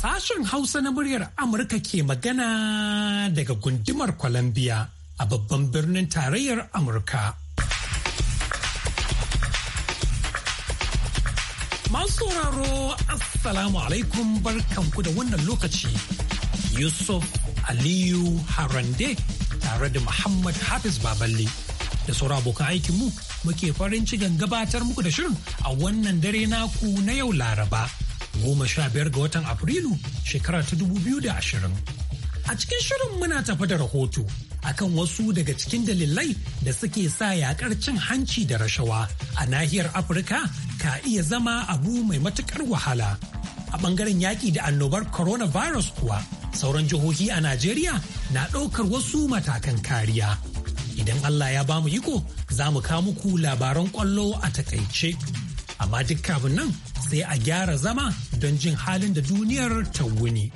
Sashen Hausa na muryar Amurka ke magana daga gundumar Columbia a babban birnin tarayyar Amurka. Masu sauraro Assalamu alaikum barkanku da wannan lokaci. Yusuf Aliyu Harande tare da Muhammad Hafiz Baballe da sauran abokan aikinmu muke farin cikin gabatar muku da shirin a wannan dare naku na yau Laraba. goma sha biyar ga watan Afrilu shekara ta dubu biyu da ashirin. A cikin shirin muna tafi da rahoto akan wasu daga cikin dalilai da suke sa yakar cin hanci da rashawa a nahiyar Afirka ka iya zama abu mai matukar wahala. A bangaren yaƙi da annobar coronavirus kuwa sauran jihohi a Najeriya na ɗaukar wasu matakan kariya. Idan Allah ya bamu iko za mu kawo muku labaran kwallo a takaice. Amma duk kafin nan sai a gyara zama don jin halin da duniyar ta wuni.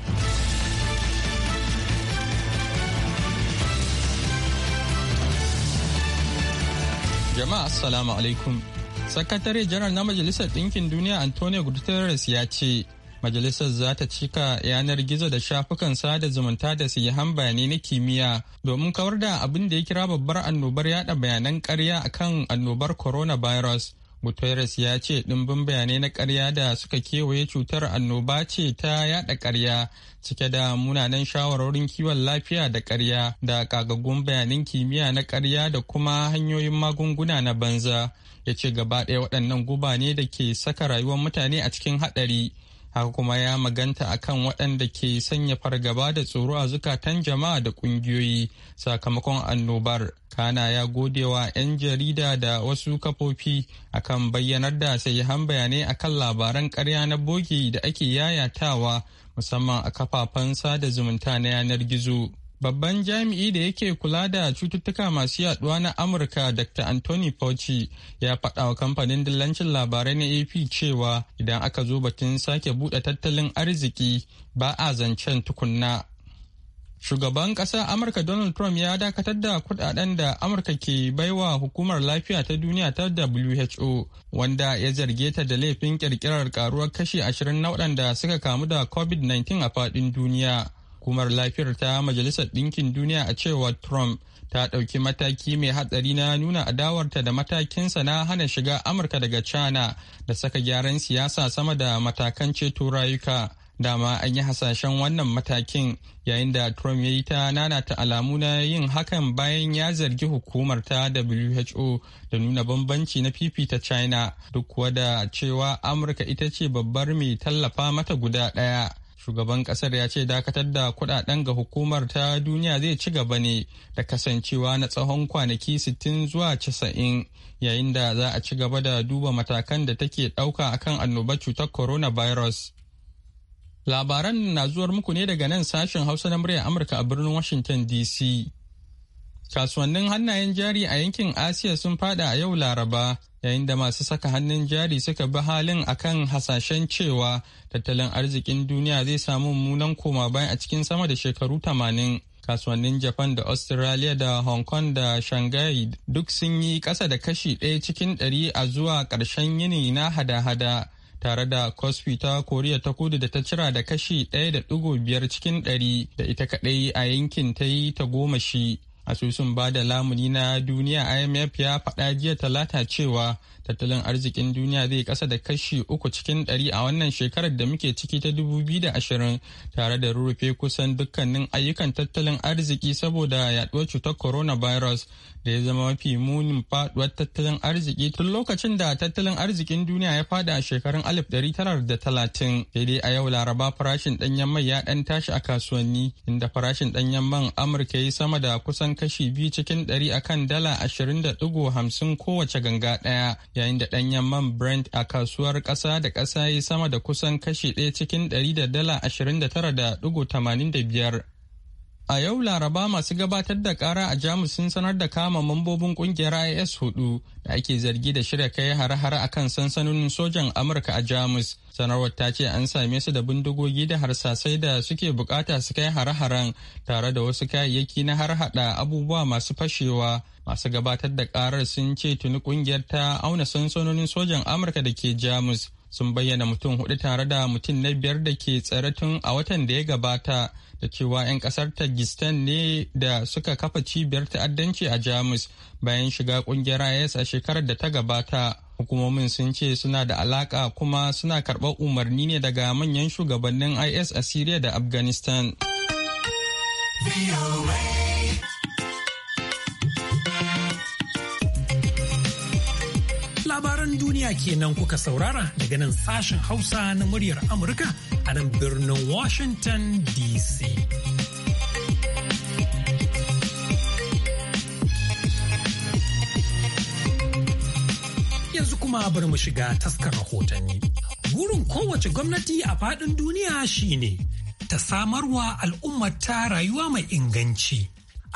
Jama'a Assalamu alaikum. Sakatare janar na Majalisar Ɗinkin Duniya Antonio Guterres ya ce, Majalisar za ta cika yanar gizo da shafukan sada zumunta da yi bayanai na kimiyya domin kawar da abin da ya kira babbar annobar yada bayanan karya akan annobar coronavirus Guterres ya ce ɗimbin bayanai na ƙarya da suka kewaye cutar annoba ce ta yaɗa ƙarya cike da munanan shawarorin kiwon lafiya da karya da ƙagaggun bayanan kimiyya na ƙarya da kuma hanyoyin magunguna na banza. Ya ce gaba ɗaya waɗannan guba ne da ke saka rayuwar mutane a cikin haɗari haka kuma ya maganta a kan waɗanda ke sanya fargaba da tsoro a zukatan jama'a da ƙungiyoyi sakamakon annobar kana ya godewa 'yan jarida da wasu kafofi akan bayyanar da sai han bayanai akan labaran ƙarya na bogi da ake yayatawa musamman a kafafen sada zumunta na yanar gizo. Babban jami'i da yake kula da cututtuka masu yaduwa na Amurka Dr. Anthony Fauci ya faɗa wa kamfanin dillancin labarai na AP cewa idan aka zo batun sake buɗe tattalin arziki ba a zancen tukunna. Shugaban ƙasar Amurka Donald Trump ya dakatar da kudaden da Amurka ke baiwa hukumar lafiya ta duniya ta WHO wanda ya zarge ta da laifin ƙirƙirar karuwar kashi 20 na waɗanda suka kamu da COVID-19 a faɗin duniya. hukumar lafiyar ta majalisar ɗinkin duniya a cewa trump ta ɗauki mataki mai hatsari na nuna adawarta da matakinsa na hana shiga amurka daga china da saka gyaran siyasa sama da matakan ceto rayuka dama an yi hasashen wannan matakin yayin da trump ya yi ta nanata alamu na yin hakan bayan ya zargi hukumar ta who da nuna bambanci na fifita china duk kuwa da cewa amurka ita ce babbar mai tallafa mata guda ɗaya shugaban kasar ya ce dakatar da kudaden ga hukumar ta duniya zai ci gaba ne da kasancewa na tsawon kwanaki 60 zuwa 90 yayin da za a ci gaba da duba matakan da take dauka akan annobar cutar coronavirus labaran na zuwar muku ne daga nan sashen hausa na murya amurka a birnin washington dc kasuwannin hannayen jari a yankin asiya sun fada a yau laraba yayin da masu saka hannun jari suka bi halin akan hasashen cewa tattalin arzikin duniya zai samu mummunan koma bayan a cikin sama da shekaru 80 kasuwannin japan da australia da hong kong da shanghai duk sun yi kasa da kashi ɗaya cikin ɗari a zuwa ƙarshen yini na hada-hada tare da cosby ta koriya ta kudu da ta cira da kashi ɗaya da ɗigo biyar cikin ɗari da ita kaɗai a yankin ta yi ta goma shi asusun ba da lamuni na duniya imf ya faɗa jiya talata cewa tattalin arzikin duniya zai kasa da kashi uku cikin ɗari a wannan shekarar da muke ciki ta dubu biyu da ashirin tare da rurrufe kusan dukkanin ayyukan tattalin arziki saboda yaduwar cutar coronavirus da ya zama mafi munin faduwar tattalin arziki tun lokacin da tattalin arzikin duniya ya fada a shekarun talatin daidai a yau laraba farashin ɗanyen mai ya ɗan tashi a kasuwanni inda farashin ɗanyen man amurka ya sama da kusan kashi biyu cikin ɗari akan dala ashirin hamsin kowace ganga ɗaya yayin da ɗanyen man Brent a kasuwar ƙasa da ƙasa ya sama da kusan kashi ɗaya cikin ɗari da dala ashirin da tara da ɗigo tamanin da biyar A yau Laraba masu gabatar da kara a Jamus sun sanar da kama mambobin kungiyar IS hudu da ake zargi da shirya kai har-har a kan sansanonin sojan Amurka a Jamus. Sanarwar ta ce an same su da bindigogi da harsasai da suke bukata su kai har-haren tare da wasu kayayyaki na har hada abubuwa masu fashewa. Masu gabatar da karar sun ce tuni kungiyar ta auna sansanonin sojan Amurka da ke Jamus. Sun bayyana mutum hudu tare da mutum na biyar da ke tsare tun a watan da ya gabata. da cewa 'yan kasar tajistan ne da suka kafa cibiyar ta'addanci a jamus bayan shiga kungiyar is a shekarar da ta gabata hukumomin sun ce suna da alaka kuma suna karɓar umarni ne daga manyan shugabannin is a syria da afghanistan. labaran duniya kenan kuka saurara daga nan sashen Hausa na muryar Amurka a nan birnin Washington DC. Yanzu kuma bari mu shiga taskar rahotanni. Burin kowace gwamnati a faɗin duniya shine ta samarwa al'ummata rayuwa mai inganci.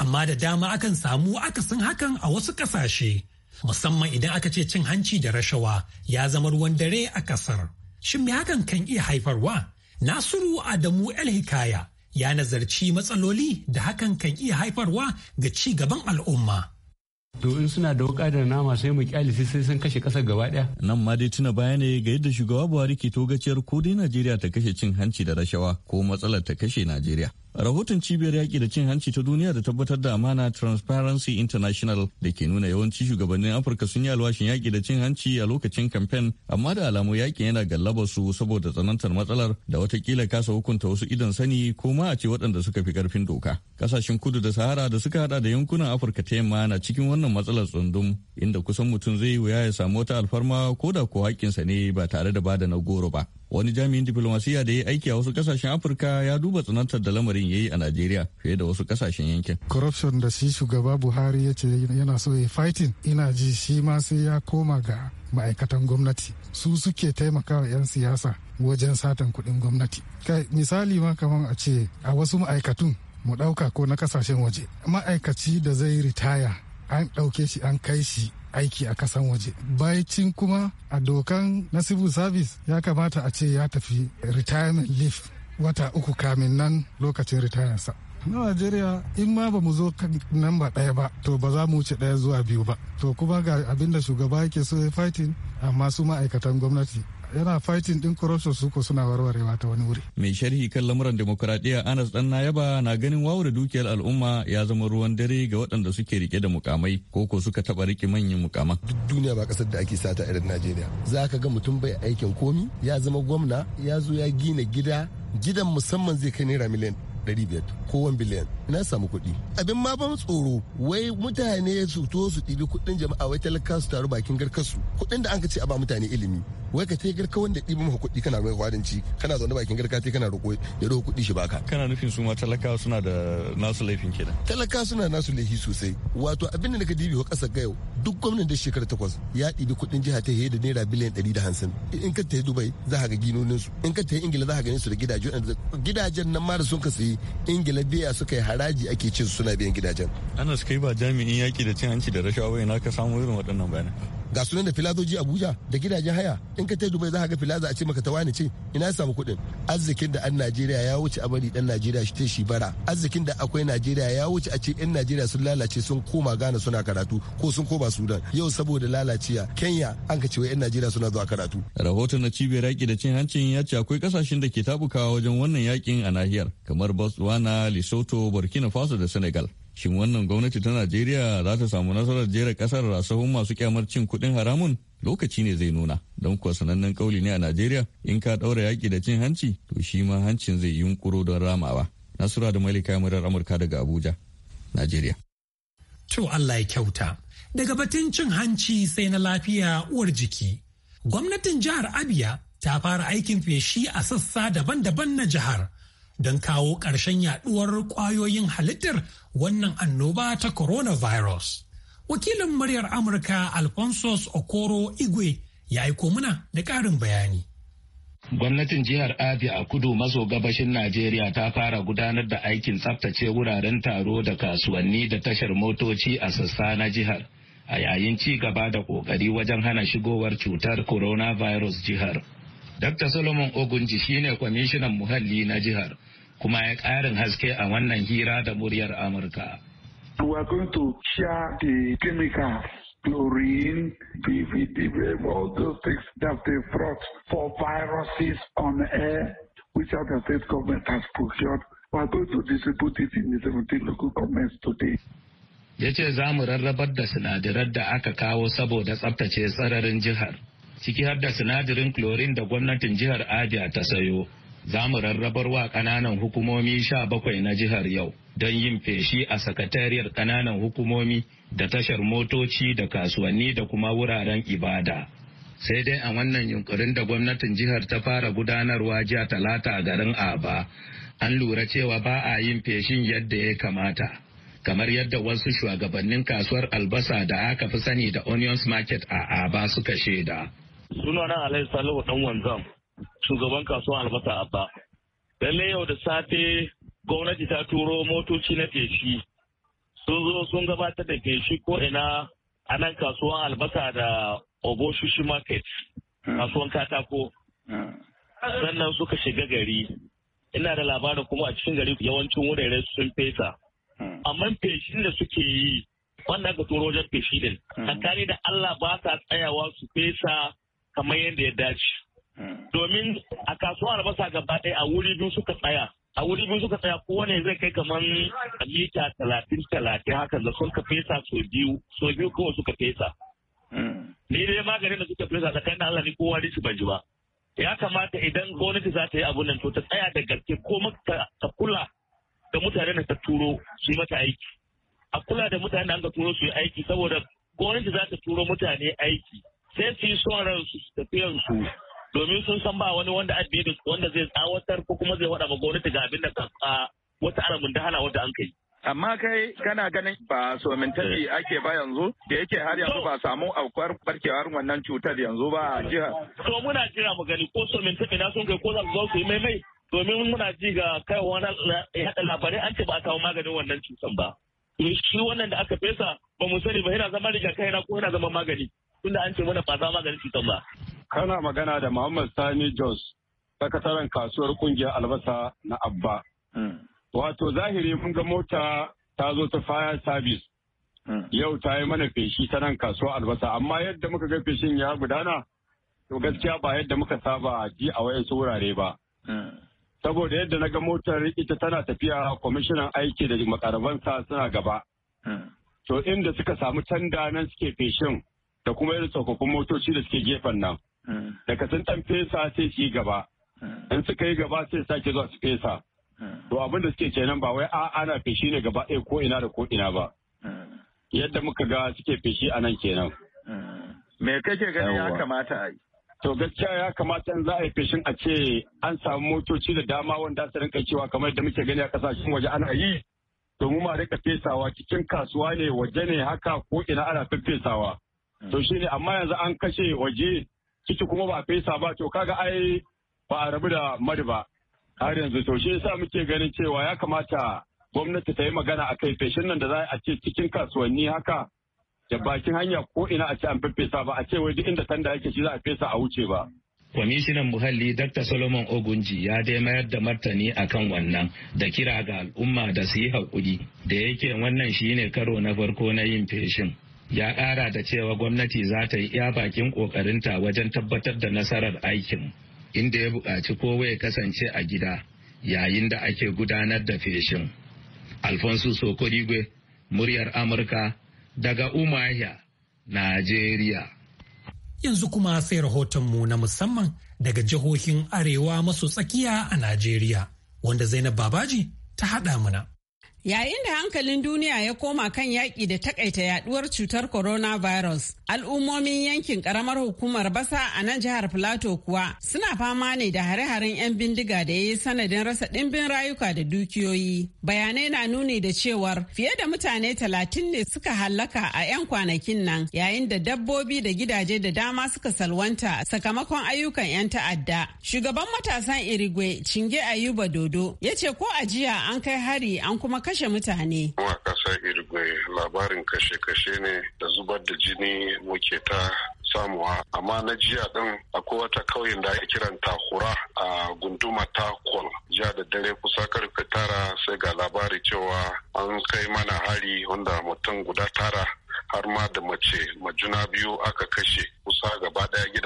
Amma da dama akan samu akasin hakan a wasu ƙasashe. musamman idan aka ce cin hanci da rashawa ya zama ruwan dare a kasar. Shin me hakan kan iya haifarwa? Nasiru Adamu El Hikaya ya nazarci matsaloli da hakan kan iya haifarwa ga ci gaban al'umma. To in suna da wuka da nama sai mu kyalisi sai sun kashe kasar gaba daya. Nan ma dai tuna baya ne ga yadda shugaba Buhari ke togaciyar ko dai Najeriya ta kashe cin hanci da rashawa ko matsalar ta kashe Najeriya. Rahoton cibiyar yaƙi da cin hanci ta duniya da tabbatar da amana Transparency International da ke nuna yawanci shugabannin Afirka sun yi alwashin yaƙi da cin hanci a lokacin kamfen amma da alamu yaƙin yana gallaba su saboda tsanantar matsalar da watakila kasa hukunta wasu idan sani ko ma a ce waɗanda suka fi ƙarfin doka. Ƙasashen kudu da Sahara da suka hada da yankunan Afirka ta yamma na cikin wannan matsalar tsundum inda kusan mutum zai wuya ya samu wata alfarma ko da ko haƙƙinsa ne ba tare da bada na goro ba. wani jami'in diplomasiya da ya aiki a wasu kasashen afirka ya duba tsanantar da lamarin ya yi a najeriya fiye da wasu kasashen yankin corruption da shi shugaba buhari ya ce yana so ya fighting ina ji shi ma sai ya koma ga ma'aikatan gwamnati su suke taimakawa 'yan siyasa wajen satan kudin gwamnati kai misali ma kamar a ce a wasu ma'aikatun mu ɗauka ko na kasashen waje ma'aikaci da zai ritaya an ɗauke shi an kai shi aiki a kasan waje bayacin kuma a dokan na civil service ya kamata a ce ya tafi retirement leave wata uku kamin nan lokacin ritayansa na najeriya in ma ba mu zo kan namba ɗaya ba to ba za mu wuce ɗaya zuwa biyu ba to kuma ga abinda shugaba yake so ya fighting amma su ma'aikatan gwamnati yana fighting din corruption su ko suna warwarewa ta wani wuri. Mai sharhi kan lamuran demokuraɗiyya Anas Dan Nayaba na ganin wawure dukiyar al'umma ya zama ruwan dare ga waɗanda suke rike da mukamai ko ko suka taɓa rike manyan mukaman. Duk duniya ba ƙasar da ake sata irin Najeriya. Za ka ga mutum bai aikin komi ya zama gwamna ya zo ya gina gida gidan musamman zai kai naira miliyan 500 ko 1 biliyan na samu kuɗi abin ma ban tsoro wai mutane su to su ɗibi kuɗin jama'a wai talaka su taru bakin garkarsu kuɗin da an ka ce a ba mutane ilimi wai ka tai garka wanda ɗibi maka kuɗi kana mai ci kana zaune bakin garka tai kana roƙo ya roƙo kuɗi shi baka kana nufin su ma talaka suna da nasu laifin kenan talaka suna nasu laifi sosai wato abin da naka ɗibi wa ƙasar gayo duk gwamnan da shekara takwas ya ɗibi kuɗin jiha ta da naira biliyan ɗari da hamsin in ka yi dubai za ka ga ginonin su in ka yi ingila za ka ganin su da gidajen nan ma da sun ka sayi ingila biya suka yi haraji ake cin suna biyan gidajen anas kai ba jami'in yaki da cin hanci da rashawa bai na ka samu irin waɗannan bayanan ga sunan da filazoji abuja da gidajen haya in ka taidu dubai za ga filaza a ce maka tawani ce ina ya samu kuɗin arzikin da an najeriya ya wuce amari dan najeriya shi shi bara arzikin da akwai najeriya ya wuce a ce yan najeriya sun lalace sun koma gana suna karatu ko sun koma sudan yau saboda lalaciya kenya an ka ce yan najeriya suna zuwa karatu rahoton na cibiyar yaƙi da cin hancin ya ce akwai kasashen da ke tabukawa wajen wannan yakin a nahiyar kamar botswana lesotho burkina faso da senegal shin wannan gwamnati ta najeriya za ta samu nasarar jera kasar rasahun masu kyamar cin kuɗin haramun lokaci ne zai nuna don kuwa sanannen kauli ne a najeriya in ka ɗaura yaki da cin hanci to shi ma hancin zai yunkuro don ramawa nasura da malika murar amurka daga abuja najeriya to allah ya kyauta daga batun cin hanci sai na lafiya uwar jiki gwamnatin jihar abia ta fara aikin feshi a sassa daban-daban na jihar don kawo ƙarshen yaɗuwar ƙwayoyin halittar wannan annoba ta coronavirus. Wakilin muryar Amurka Alphonsus Okoro Igwe ya aiko mana da ƙarin bayani. Gwamnatin jihar Abia a kudu maso gabashin Najeriya ta fara gudanar da aikin tsaftace wuraren taro da kasuwanni da tashar motoci a sassa na jihar. a yayin ci gaba da ƙoƙari wajen hana shigowar cutar coronavirus jihar. Dr. Solomon Ogunji shine kwamishinan muhalli na jihar. kuma ya ƙarin haske a wannan hira da muryar Amurka. We are going to share the chemicals chlorine, PVD, all those things that they brought for viruses on air, which are the state government has procured. We are going to distribute it in the 17 local governments today. Ya ce za mu rarrabar da sinadaran da aka kawo saboda tsabtace tsararin jihar, ciki har da sinadarin chlorine da gwamnatin jihar Abia ta sayo. za mu rarrabar wa ƙananan hukumomi sha bakwai na jihar yau don yin feshi a sakatariyar ƙananan hukumomi da tashar motoci da kasuwanni da kuma wuraren ibada. Sai dai a wannan yunkurin da gwamnatin jihar ta fara gudanarwa jiya talata a garin Aba, an lura cewa ba a yin feshin yadda ya kamata. Kamar yadda wasu shugabannin kasuwar albasa da aka fi sani da Onions Market a Aba suka shaida. Sunana Alhaji Salihu ɗan wanzam. shugaban kasuwan albasa abba lalle yau da safe gwamnati ta turo motoci na feshi sun zo sun gabatar da feshi ko ina a nan kasuwan albasa da oboshishi market kasuwan katako sannan suka shiga gari ina da labarin kuma a cikin gari yawancin wurare sun fesa amma feshin da suke yi Wannan ka turo wajen feshi din hmm. tsakani da allah ba sa tsayawa su fesa kamar yadda ya dace Domin a kasuwar albasa gaba ɗaya a wuri biyu suka tsaya. a wuri biyu suka tsaya kowane zai kai kamar mita talatin talatin haka da sun ka fesa so biyu so biyu kawai suka fesa. Ni dai maganin da suka fesa tsakanin Allah ni kowa ne ban ji ba. Ya kamata idan gwamnati za ta yi abun nan to ta tsaya da gaske ko ta kula da mutane da ta turo su yi mata aiki. A kula da mutane da an ka turo su yi aiki saboda gwamnati za ta turo mutane aiki sai su yi su tafiyan su domin sun san ba wani wanda addini wanda zai tsawatar ko kuma zai faɗa gwamnati ga abin da wata aramin da hana wanda an kai. Amma kai kana ganin ba somintabi eh. ake ba yanzu da yake har yanzu ba samu aukuwar barkewar wannan cutar yanzu ba a jihar. To muna jira mu gani ko somintabi na sun kai ko za su zo su yi maimai domin muna ji ga kai wani yaɗa labarai an ce ba a kawo maganin wannan cutar ba. Shi wannan da aka fesa ba mu sani ba yana zama riga kai na ko yana zama magani. tunda an ce mana ba za maganin cutar ba. Kana magana da Muhammad Sani Jos, sakataren kasuwar kungiyar albasa na Abba. Hmm. Wato zahiri mun ga mota ta zo ta fire service. Hmm. Yau ta yi mana feshi ta nan kasuwar albasa, amma yadda muka ga feshin ya gudana, to gaskiya ba yadda muka saba ji a wayansu wurare ba. Hmm. Saboda yadda na ga motar ita tana tafiya kwamishinan aiki da makarabansa suna gaba. To inda suka samu canda nan suke feshin da kuma irin tsofaffin motoci da suke gefen nan. daga sun dan fesa sai su yi gaba in suka yi gaba sai sake zuwa su fesa to abin da suke kenan ba wai a ana feshi ne gaba ɗaya ko ina da ko ina ba yadda muka ga suke feshi a nan kenan me kake gani ya kamata a yi to gaskiya ya kamata in za a yi feshin a ce an samu motoci da dama wanda su rinka cewa kamar da muke gani a kasashen waje ana yi mu ma rinka fesawa cikin kasuwa ne waje ne haka ko ina ana fesawa to shine amma yanzu an kashe waje ciki kuma ba fesa ba to kaga ai ba a rabu da mari ba har yanzu to shi yasa muke ganin cewa ya kamata gwamnati ta yi magana a kai feshin nan da za a ce cikin kasuwanni haka da bakin hanya ko ina a ce an fesa ba a ce wai duk inda tanda yake shi za a fesa a wuce ba Kwamishinan Muhalli Dr. Solomon Ogunji ya dai mayar da martani akan wannan da kira ga al'umma da su yi haƙuri da yake wannan shine karo na farko na yin feshin. ya ƙara da cewa gwamnati za ta yi iya bakin ƙoƙarinta wajen tabbatar da nasarar aikin inda ya buƙaci kowa ya kasance a gida yayin da ake gudanar da feshin. Alfonso Sokorigwe, muryar Amurka daga Umahia, Najeriya. Yanzu kuma sai rahotonmu na musamman daga jihohin Arewa maso tsakiya a Najeriya, wanda Zainab Babaji ta haɗa mana. Yayin da hankalin duniya ya koma kan yaƙi da takaita yaduwar cutar coronavirus, al'ummomin yankin karamar hukumar basa a nan jihar Filato kuwa suna fama ne da hare-haren 'yan bindiga da ya yi sanadin rasa ɗimbin rayuka da dukiyoyi. Bayanai na nuni da cewar fiye da mutane talatin ne suka hallaka a 'yan kwanakin nan yayin da dabbobi da gidaje da dama suka salwanta sakamakon ayyukan 'yan ta'adda. Shugaban matasan Irigwe, Cinge Ayuba Dodo, ya ce ko a jiya an kai hari an kuma kashe mutane. Kuma kasar Irgwe labarin kashe-kashe ne da zubar da jini muke ta samuwa amma na jiya ɗin akwai wata kauyen da ake kiran takura a gunduma takol jiya da dare kusa karfe tara sai ga labari cewa an kai mana hari wanda mutum guda tara har ma da mace majuna biyu aka kashe kusa gaba daya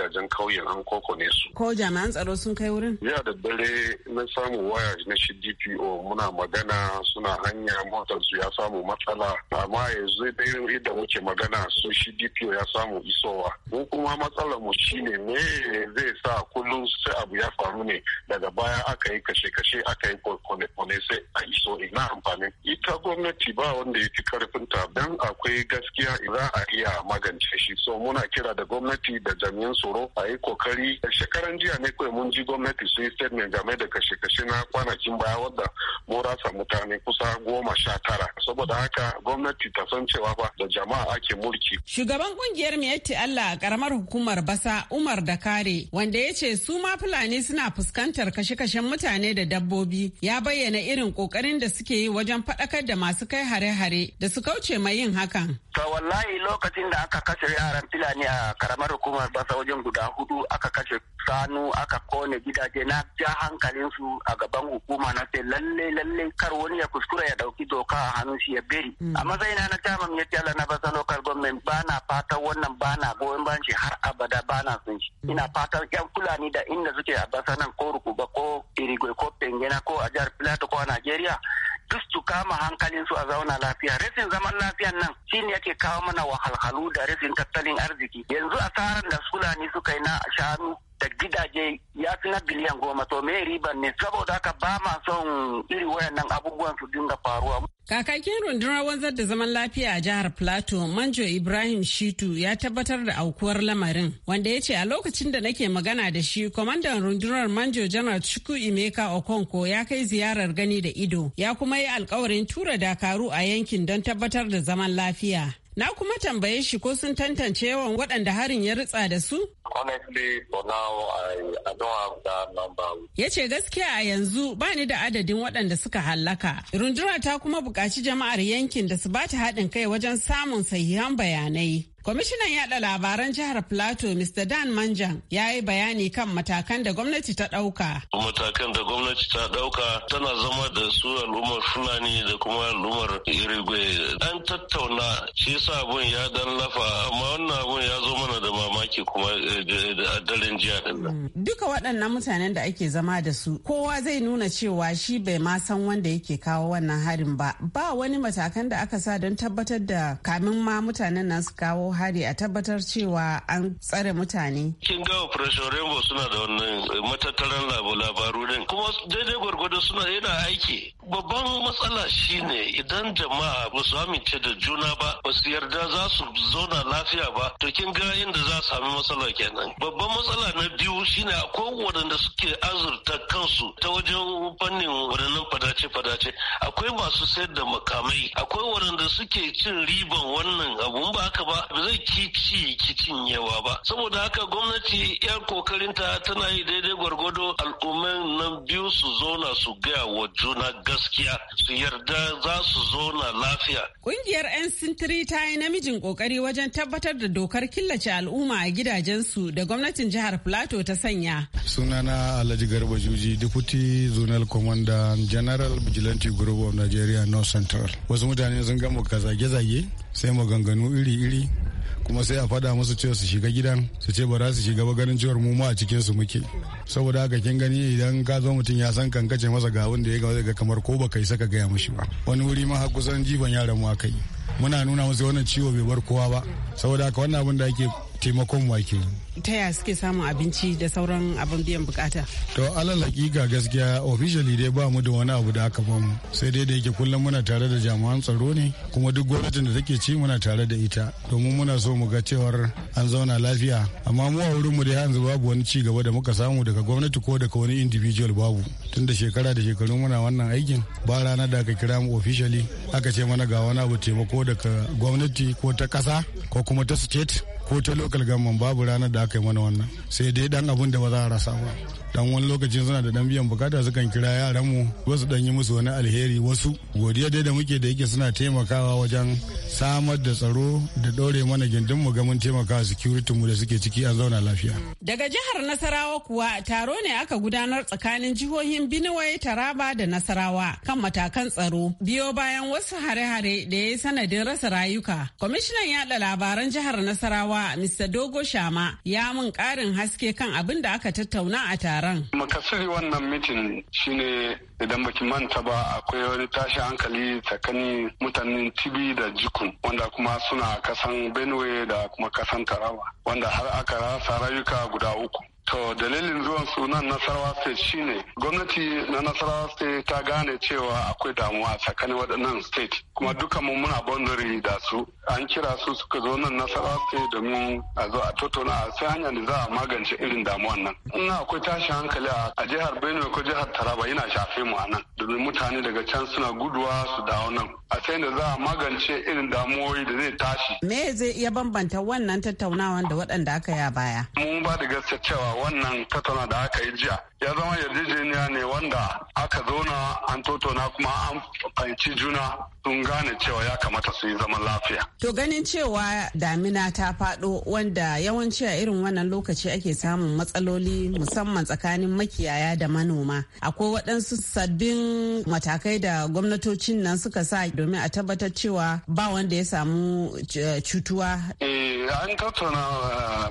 kauyen an koko ne su. Ko jami'an tsaro sun kai wurin? Ya da dare na samu waya na shi DPO muna magana suna hanya motar su ya samu matsala amma yanzu dai yadda muke magana su shi DPO ya samu isowa. Mu kuma matsalar mu shine me zai sa kullum sai abu ya faru ne daga baya aka yi kashe-kashe aka yi kone-kone sai a iso ina amfani. Ita gwamnati ba wanda ya fi karfinta don akwai gaskiya za a iya magance shi. So muna kira da gwamnati da jami'an tsaro a yi kokari eh, shekaran jiya ne kawai mun ji gwamnati sun yi statement game da kashe-kashe na kwanakin baya wadda mora sa mutane kusa goma sha tara saboda haka gwamnati ta san cewa ba da jama'a ake mulki. Shugaban kungiyar miyetti Allah a karamar hukumar Basa Umar da Kare wanda ya ce su ma Fulani suna fuskantar kashe-kashen mutane da dabbobi ya bayyana irin kokarin da suke yi wajen faɗakar da masu kai hare-hare da su kauce mai yin hakan. To wallahi lokacin da aka kashe yaran Fulani a karamar hukumar Basa wajen guda hudu aka kashe sanu aka kone gidaje na ja hankalinsu a gaban hukuma na sai lalle lalle kar wani ya kuskura ya dauki doka a hannun shi ya beri mm. a matsayina na chairman ya Allah na basa local government ba na fata wannan ba na goyon ban shi har abada ba na son shi mm. ina fatan yan fulani da inda suke a basa nan ko rukuba ko irigwe ko pengena ko a jihar plateau ko a Najeriya duk su kama hankalin su a zauna lafiya rashin zaman lafiyan nan shine yake kawo mana wahalhalu da rashin tattalin arziki yanzu asarar da fulani suka yi na shanu da gidaje ya fi na biliyan goma to me riban ne saboda haka ba ma son iri wayannan abubuwan su dinga faruwa. Kakakin rundunar wanzar da zaman lafiya a jihar Plateau, Manjo Ibrahim Shitu ya tabbatar da aukuwar lamarin, wanda ya ce a lokacin da nake magana da shi, kwamandan rundunar Manjo Janar shuku Imeka Okonko ya kai ziyarar gani da ido, ya kuma yi alkawarin tura dakaru a yankin don tabbatar da zaman lafiya. Na kuma tambaye shi ko sun tantance yawan waɗanda harin ya ritsa da su? Ya ce gaskiya a yanzu ba ni da adadin waɗanda suka hallaka. Rundunar ta kuma buƙaci jama'ar yankin da su ba ta haɗin kai wajen samun sahihan bayanai. Kwamishinan yada labaran jihar Plateau, Mr. Dan Manjan, ya yi bayani kan matakan da gwamnati ta ɗauka. Matakan da gwamnati ta ɗauka tana zama da su al'ummar Fulani da kuma al'ummar Irigwe. An tattauna shi sa abun ya dan lafa, amma wannan abun ya zo mana da mamaki kuma eh, a daren jiya din nan. Hmm, duka waɗannan mutanen da ake zama da su, kowa zai nuna cewa shi bai ma san wanda yake kawo wannan harin ba. Ba wani matakan da aka sa don tabbatar da kamin ma mutanen nan su kawo hari a tabbatar cewa an tsare mutane. Kin ga Operation Rainbow suna da wannan eh, matattaran labaru din kuma daidai gwargwado suna yana aiki. Babban matsala shine idan jama'a ba su amince da juna ba ba su yarda za su zauna lafiya ba to kin ga inda za su sami matsala kenan. Babban matsala na biyu shine akwai waɗanda suke azurta kansu ta wajen fannin waɗannan fadace-fadace akwai masu sayar da makamai akwai waɗanda suke cin riban wannan abun ba haka ba ba zai ki ci ki cinyewa ba saboda haka gwamnati yar kokarinta tana yi daidai gwargwado al'umman nan biyu su zauna su gaya wa juna gaskiya su yarda za su zauna lafiya kungiyar 'yan sintiri ta yi namijin kokari wajen tabbatar da dokar killace al'umma a gidajensu da gwamnatin jihar plateau ta sanya sunana alhaji garba juji deputy zonal commander general vigilante group of nigeria north central wasu mutane sun gama zage-zage sai maganganu iri-iri kuma sai a faɗa musu cewa su shiga gidan su ce ba za su shiga ba ganin cewar mu ma a cikin su muke saboda haka kin gani idan ka zo mutum ya san kan kace masa ga wanda ya ga ga kamar ko baka yi saka gaya mushi ba wani wuri ma har kusan jifan yaran mu akai muna nuna musu wannan ciwo bai bar kowa ba saboda haka wannan abin da ake taimakon wake. Ta ya suke samun abinci da sauran abin biyan bukata? To alal hakika gaskiya officially dai ba mu da wani abu da aka mu. sai dai da yake kullum muna tare da jami'an tsaro ne kuma duk gwamnatin da take ci muna tare da ita domin muna so mu ga cewar an zauna lafiya amma mu a wurin mu dai yanzu babu wani ci gaba da muka samu daga gwamnati ko daga wani individual babu tun da shekara da shekaru muna wannan aikin ba rana da aka kira mu officially aka ce mana ga wani abu taimako daga gwamnati ko ta kasa ko kuma ta state ko ta lokal government babu ranar da aka yi mana wannan sai dai dan abunda da ba za a rasa ba dan wani lokacin suna da dan biyan bukata sukan kira yaran mu wasu dan yi musu wani alheri wasu godiya dai da muke da yake suna taimakawa wajen samar da tsaro da ɗore mana gindin mu ga mun taimaka security mu da suke ciki an zauna lafiya daga jihar Nasarawa kuwa taro ne aka gudanar tsakanin jihohin Benue Taraba da Nasarawa kan matakan tsaro biyo bayan wasu hare-hare da ya yi sanadin rasa rayuka kwamishinan yada labaran jihar Nasarawa Jigawa Mr. Dogo Shama ya mun ƙarin haske kan abin da aka tattauna a taron. Makasiri wannan mitin shine idan baki manta ba akwai wani tashi hankali tsakanin mutanen Tibi da Jikun wanda kuma suna kasan Benue da kuma kasan Tarawa wanda har aka rasa rayuka guda uku. To dalilin zuwan sunan Nasarawa State shine gwamnati na Nasarawa State ta gane cewa akwai damuwa a tsakanin waɗannan state kuma duka mun muna boundary da su an kira su suka zo nan Nasarawa State domin a zo a tattauna a sai hanyar da za a magance irin damuwan nan. in akwai tashin hankali a jihar Benue ko jihar Taraba yana shafe mu a nan domin mutane daga can suna guduwa su dawo nan. A sai da za a magance irin damuwoyi da zai tashi. Me zai iya bambanta wannan tattaunawan da waɗanda aka yi a baya? Mun ba da gaskiya cewa wannan tattauna da aka yi jiya ya zama yarjejeniya ne wanda aka zauna an totona kuma an fahimci juna sun gane cewa ya kamata su yi zaman lafiya. To ganin cewa damina ta faɗo wanda yawanci a irin wannan lokaci ake samun matsaloli musamman tsakanin makiyaya da manoma. Akwai waɗansu sabbin matakai da gwamnatocin nan suka sa domin a tabbatar cewa ba wanda ya samu eh, cutuwa. Eh an tattauna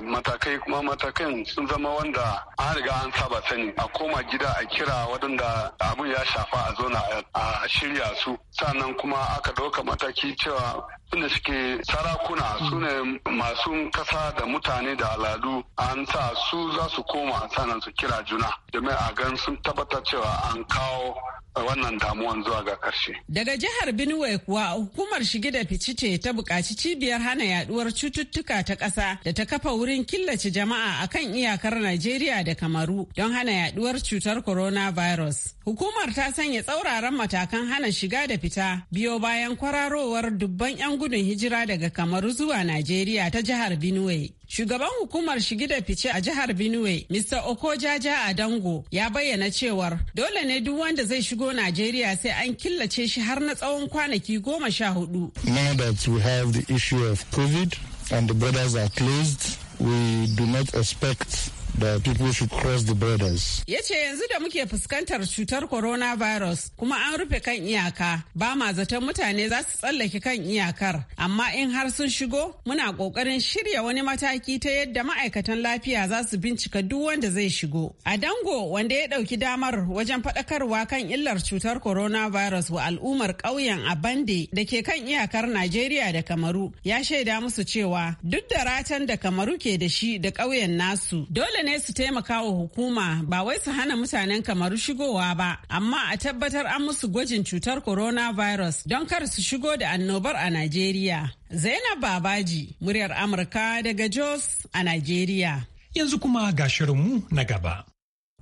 eh, matakai kuma matakan sun zama wanda an riga an saba sani a koma gida a kira waɗanda abin ya shafa a zona a shirya su sannan kuma aka ɗauka mataki cewa inda suke sarakuna su ne masu kasa da mutane da aladu an sa su za su koma sannan su kira juna domin a gan sun tabbatar cewa an kawo wannan damuwan zuwa ga karshe. Daga jihar Benue kuwa hukumar shige da fice ce ta bukaci cibiyar hana yaduwar cututtuka ta ƙasa da ta kafa wurin killace jama'a akan iyakar Najeriya da Kamaru don hana yaduwar cutar coronavirus. Hukumar ta sanya tsauraran matakan hana shiga da fita biyo bayan kwararowar dubban 'yan gudun hijira daga Kamaru zuwa Najeriya ta jihar Benue. Shugaban hukumar shigi da fice a jihar Benue, Mr. Okojaja Adango, ya bayyana cewar dole ne duk wanda zai shigo Najeriya sai an killace shi har na tsawon kwanaki goma sha hudu. Now that we have the issue of COVID and the borders are closed, we do not expect da people should cross the borders. Ya ce yanzu da muke fuskantar cutar coronavirus kuma an rufe kan iyaka ba ma zaton mutane za su tsallake kan iyakar amma in har sun shigo muna kokarin shirya wani mataki ta yadda ma'aikatan lafiya za su bincika duk wanda zai shigo. A dango wanda ya dauki damar wajen faɗakarwa kan illar cutar coronavirus wa al'ummar ƙauyen Abande da ke kan iyakar Najeriya da Kamaru ya shaida musu cewa duk da ratan da Kamaru ke da shi da ƙauyen nasu dole ne su taimaka wa hukuma ba wai su hana mutanen kamaru shigowa ba amma a tabbatar an musu gwajin cutar coronavirus don kar su shigo da annobar a Najeriya. Zainab Babaji, muryar Amurka daga Jos a Najeriya. Yanzu kuma ga shirinmu na gaba.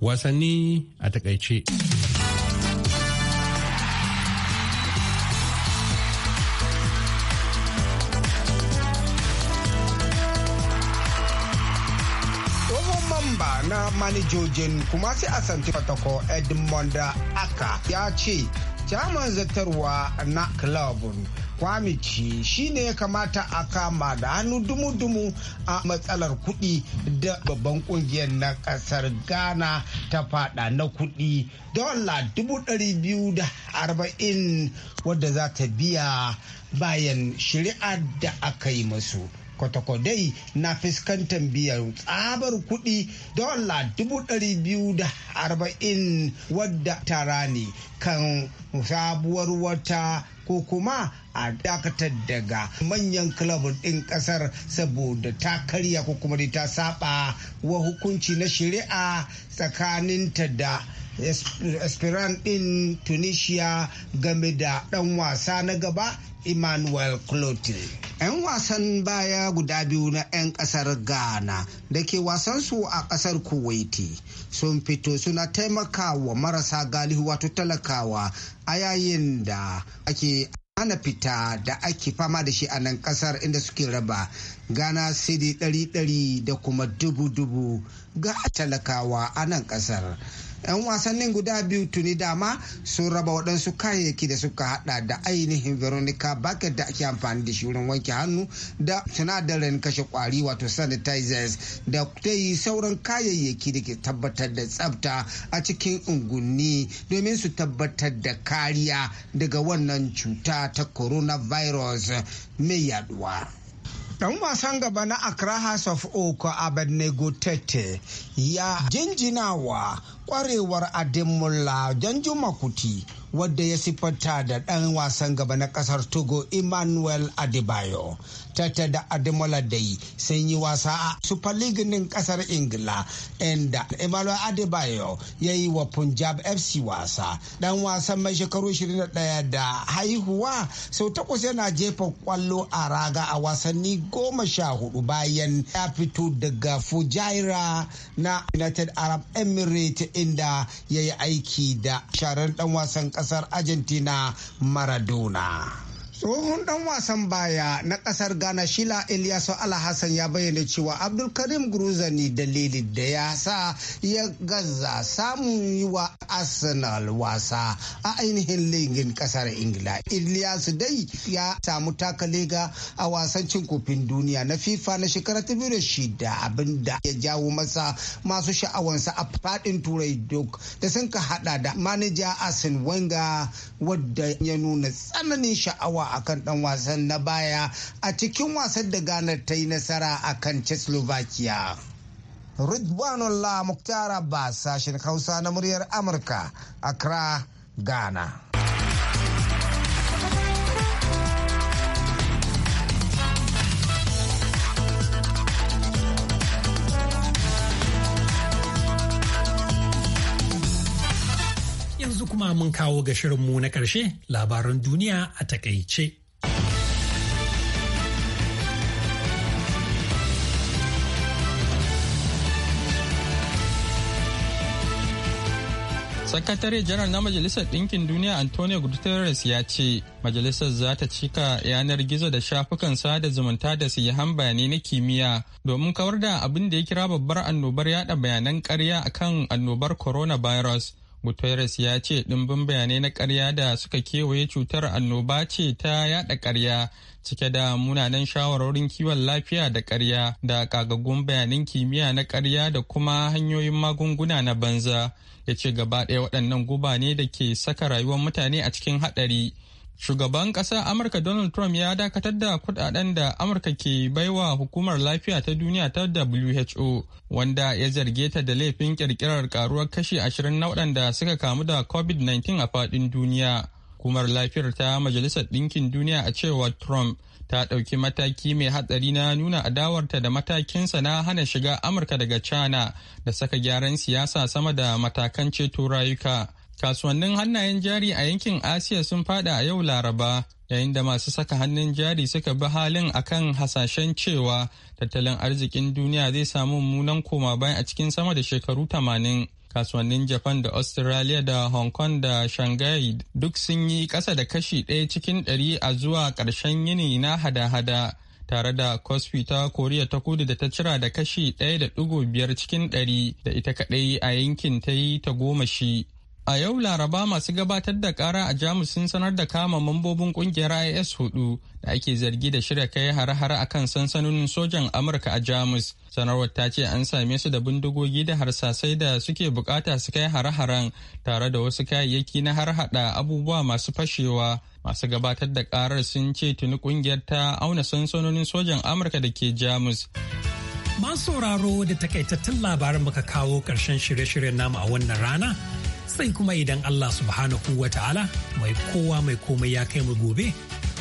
Wasanni a takaice. mani jojin kuma sai a santi fatako edmond aka ya ce jaman zartarwa na clubin kwamici shine ya kamata a kama da hannu dumu-dumu a matsalar kudi da babban kungiyar na kasar ghana ta fada na kuɗi dola arba'in wadda za ta biya bayan shari'a da aka yi masu kwatakwadai na fuskantar biyan tsabar kuɗi dola dubu ɗari biyu da arba'in wadda tara ne kan sabuwar wata ko kuma a dakatar daga manyan kilabun ɗin ƙasar saboda ta karya ko kuma ta saba wa hukunci na shari'a tsakaninta da esperant ɗin tunisia game da ɗan wasa na gaba Emmanuel Clotilde. 'Yan wasan baya guda biyu na 'yan kasar Ghana da ke wasan su a kasar Kuwaiti sun fito suna taimakawa marasa galihu wato talakawa a yayin da ake ana fita da ake fama da shi a nan kasar inda suke raba Ghana cedi dari dari da kuma dubu-dubu ga talakawa a nan kasar. 'yan wasannin guda biyu tuni dama sun raba waɗansu kayayyaki da suka hada da ainihin veronica bucket da ake amfani da shirin wanke hannu da sinadarin kashe kwari wato sanitizers da ta yi sauran kayayyaki da ke tabbatar da tsabta a cikin ungunni domin su tabbatar da kariya daga wannan cuta ta coronavirus mai yaduwa. Dan wasan gaba na Accra House of Oak Abednego Tete ya jinjinawa kwarewar Ademola Janjuma Kuti wadda ya siffanta da ɗan wasan gaba na ƙasar Togo Emmanuel Adebayo tata da ademola dai sun yi wasa a super league nin kasar ingila inda emmanuel adebayo ya yi wa punjab fc wasa dan wasan mai shekaru 21 da haihuwa sau takwas yana jefa kwallo a raga a wasanni goma sha hudu bayan ya fito daga fujaira na united arab emirates inda ya yi aiki da sharar dan wasan kasar argentina maradona tsohon dan wasan baya na kasar ghana shila eliasu alhassan ya bayyana cewa abdulkarim gruzani dalilin da ya sa ya gaza samun yi wa arsenal wasa a ainihin ligin kasar ingila iliyasu dai ya samu takale ga a wasan cin kofin duniya na fifa na shekara ta shekarar shida abinda ya jawo masa masu sha'awansa a fadin turai duk da sun ka hada da manaja arsene wenger wadda ya nuna tsananin sha'awa a akan dan wasan na baya a cikin wasan da ganar ta yi nasara a akan Czechoslovakia. Ridwanullah Mukhtar Abbas sashen Hausa na muryar Amurka, Accra, Ghana. mun kawo ga shirinmu na ƙarshe labaran duniya a takaice. sakatare janar na majalisar ɗinkin duniya antonio guterres ya ce majalisar za ta cika yanar gizo da shafukan sada zumunta da su yi na kimiyya domin kawar da abin da ya kira babbar annobar yada bayanan karya a kan annobar coronavirus Guterres ya ce ɗimbin bayanai na ƙarya da suka kewaye cutar annoba ce ta yaɗa ƙarya cike da munanan shawarorin kiwon lafiya da karya da ƙagaggun bayanan kimiyya na ƙarya da kuma hanyoyin magunguna na banza. Ya ce gaba ɗaya waɗannan guba ne da ke saka rayuwar mutane a cikin haɗari. Shugaban ƙasar Amurka Donald Trump ya dakatar da kudaden da Amurka ke baiwa hukumar lafiya ta duniya ta WHO wanda ya zarge ta da laifin kirkirar karuwar kashi 20 na waɗanda suka kamu da COVID-19 a faɗin duniya. Hukumar lafiyar ta Majalisar Ɗinkin Duniya a cewa Trump ta ɗauki mataki mai hatsari na nuna adawarta da matakinsa na hana shiga Amurka daga China da saka gyaran siyasa sama da matakan ceto rayuka. Kasuwannin hannayen jari a yankin Asiya sun fada a yau Laraba yayin da masu saka hannun jari suka bi halin akan hasashen cewa tattalin arzikin duniya zai samu mummunan koma bayan a cikin sama da shekaru 80. Kasuwannin Japan da Australia da Hong Kong da Shanghai duk sun yi kasa da kashi ɗaya cikin ɗari a zuwa ƙarshen yini na hada-hada. tare da Kospi ta Koriya ta kudu da ta cira da kashi da ɗaya biyar cikin ɗari da ita kaɗai a yankin ta yi ta goma shi. A yau Laraba masu gabatar da kara a Jamus sun sanar da kama mambobin kungiyar IS hudu da ake zargi da shirya kai har-har a kan sansanonin sojan Amurka a Jamus. Sanarwar ta ce an same su da bindigogi da harsasai da suke bukata su kai har-haren tare da wasu kayayyaki na har harhaɗa abubuwa masu fashewa. Masu gabatar da karar sun ce tuni kungiyar ta auna sansanonin sojan Amurka da ke Jamus. Masu sauraro da takaitattun labarin muka kawo ƙarshen shirye-shiryen namu a wannan rana. sai kuma idan Allah subhanahu wa ta'ala mai kowa mai komai ya kai mu gobe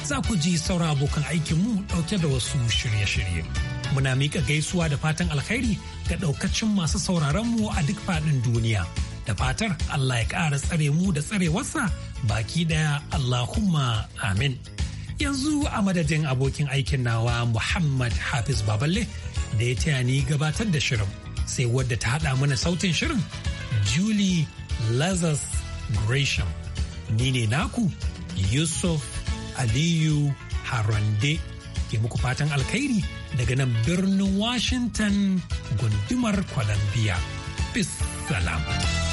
za ku ji sauran abokan aikinmu ɗauke da wasu shirye-shirye. Muna miƙa gaisuwa da fatan alkhairi ga ɗaukacin masu sauraron mu a duk faɗin duniya. Da fatar Allah ya ƙara tsare mu da tsarewarsa baki ɗaya Allahumma amin. Yanzu a madadin abokin aikin nawa Muhammad Hafiz Baballe da ya taya ni gabatar da shirin sai wadda ta haɗa mana sautin shirin Julie Lazarus Gresham. Ni ne naku Yusuf Aliyu Harande ke muku fatan alkhairi daga nan birnin Washington gundumar Columbia. Peace salam.